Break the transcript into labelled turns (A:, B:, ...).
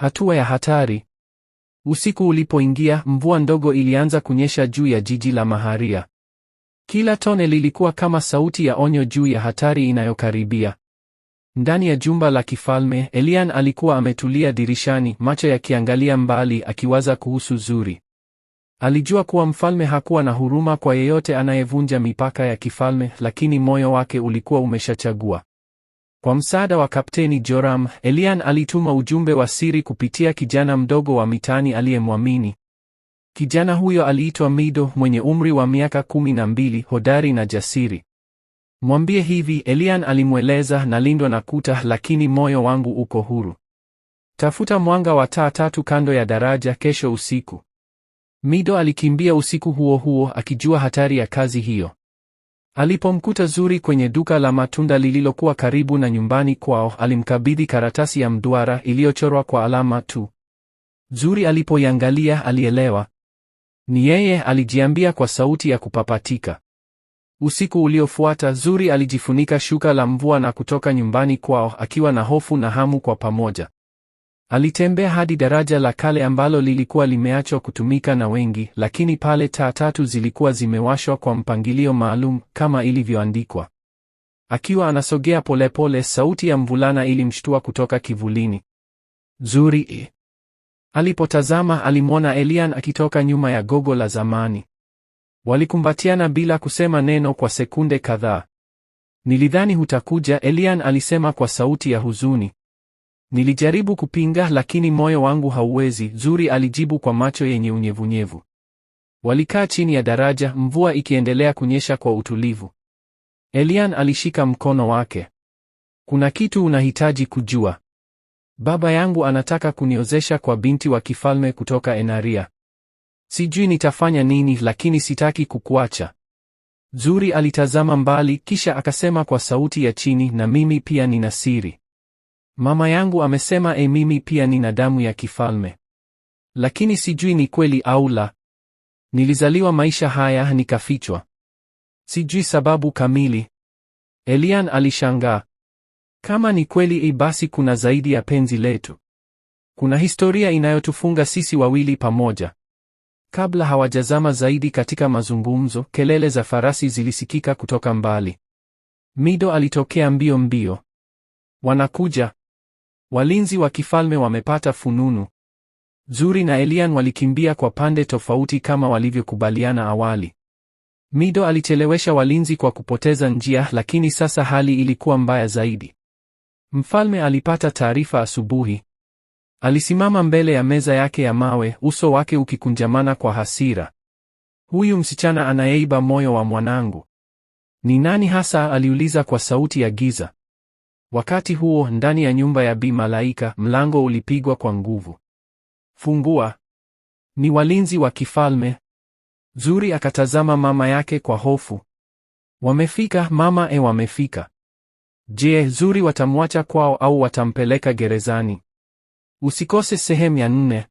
A: Hatua ya hatari. Usiku ulipoingia, mvua ndogo ilianza kunyesha juu ya jiji la Maharia. Kila tone lilikuwa kama sauti ya onyo juu ya hatari inayokaribia. Ndani ya jumba la kifalme, Elian alikuwa ametulia dirishani, macho yakiangalia mbali, akiwaza kuhusu Zuri. Alijua kuwa mfalme hakuwa na huruma kwa yeyote anayevunja mipaka ya kifalme, lakini moyo wake ulikuwa umeshachagua. Kwa msaada wa Kapteni Joram, Elian alituma ujumbe wa siri kupitia kijana mdogo wa mitaani aliyemwamini. Kijana huyo aliitwa Mido, mwenye umri wa miaka kumi na mbili, hodari na jasiri. Mwambie hivi, Elian alimweleza, nalindwa na kuta, lakini moyo wangu uko huru. Tafuta mwanga wa taa tatu kando ya daraja kesho usiku. Mido alikimbia usiku huo huo akijua hatari ya kazi hiyo. Alipomkuta Zuri kwenye duka la matunda lililokuwa karibu na nyumbani kwao, alimkabidhi karatasi ya mduara iliyochorwa kwa alama tu. Zuri alipoiangalia alielewa. Ni yeye, alijiambia kwa sauti ya kupapatika. Usiku uliofuata Zuri alijifunika shuka la mvua na kutoka nyumbani kwao akiwa na hofu na hamu kwa pamoja. Alitembea hadi daraja la kale ambalo lilikuwa limeachwa kutumika na wengi, lakini pale taa tatu zilikuwa zimewashwa kwa mpangilio maalum kama ilivyoandikwa. Akiwa anasogea polepole, sauti ya mvulana ilimshtua kutoka kivulini. Zuri. Eh. Alipotazama alimwona Elian akitoka nyuma ya gogo la zamani. Walikumbatiana bila kusema neno kwa sekunde kadhaa. Nilidhani hutakuja, Elian alisema kwa sauti ya huzuni. Nilijaribu kupinga lakini moyo wangu hauwezi, Zuri alijibu kwa macho yenye unyevunyevu. Walikaa chini ya daraja, mvua ikiendelea kunyesha kwa utulivu. Elian alishika mkono wake. Kuna kitu unahitaji kujua. Baba yangu anataka kuniozesha kwa binti wa kifalme kutoka Enaria. Sijui nitafanya nini lakini sitaki kukuacha. Zuri alitazama mbali kisha akasema kwa sauti ya chini na mimi pia nina siri. Mama yangu amesema e, mimi pia nina damu ya kifalme, lakini sijui ni kweli au la. Nilizaliwa maisha haya nikafichwa, sijui sababu kamili. Elian alishangaa. Kama ni kweli, eh, basi kuna zaidi ya penzi letu. Kuna historia inayotufunga sisi wawili pamoja. Kabla hawajazama zaidi katika mazungumzo, kelele za farasi zilisikika kutoka mbali. Mido alitokea mbio mbio. Wanakuja. Walinzi wa kifalme wamepata fununu. Zuri na Elian walikimbia kwa pande tofauti kama walivyokubaliana awali. Mido alichelewesha walinzi kwa kupoteza njia, lakini sasa hali ilikuwa mbaya zaidi. Mfalme alipata taarifa asubuhi. Alisimama mbele ya meza yake ya mawe, uso wake ukikunjamana kwa hasira. Huyu msichana anayeiba moyo wa mwanangu. Ni nani hasa? aliuliza kwa sauti ya giza. Wakati huo ndani ya nyumba ya Bi Malaika mlango ulipigwa kwa nguvu. Fungua! Ni walinzi wa kifalme. Zuri akatazama mama yake kwa hofu. Wamefika mama, e, wamefika. Je, Zuri watamwacha kwao au watampeleka gerezani? Usikose sehemu ya nne.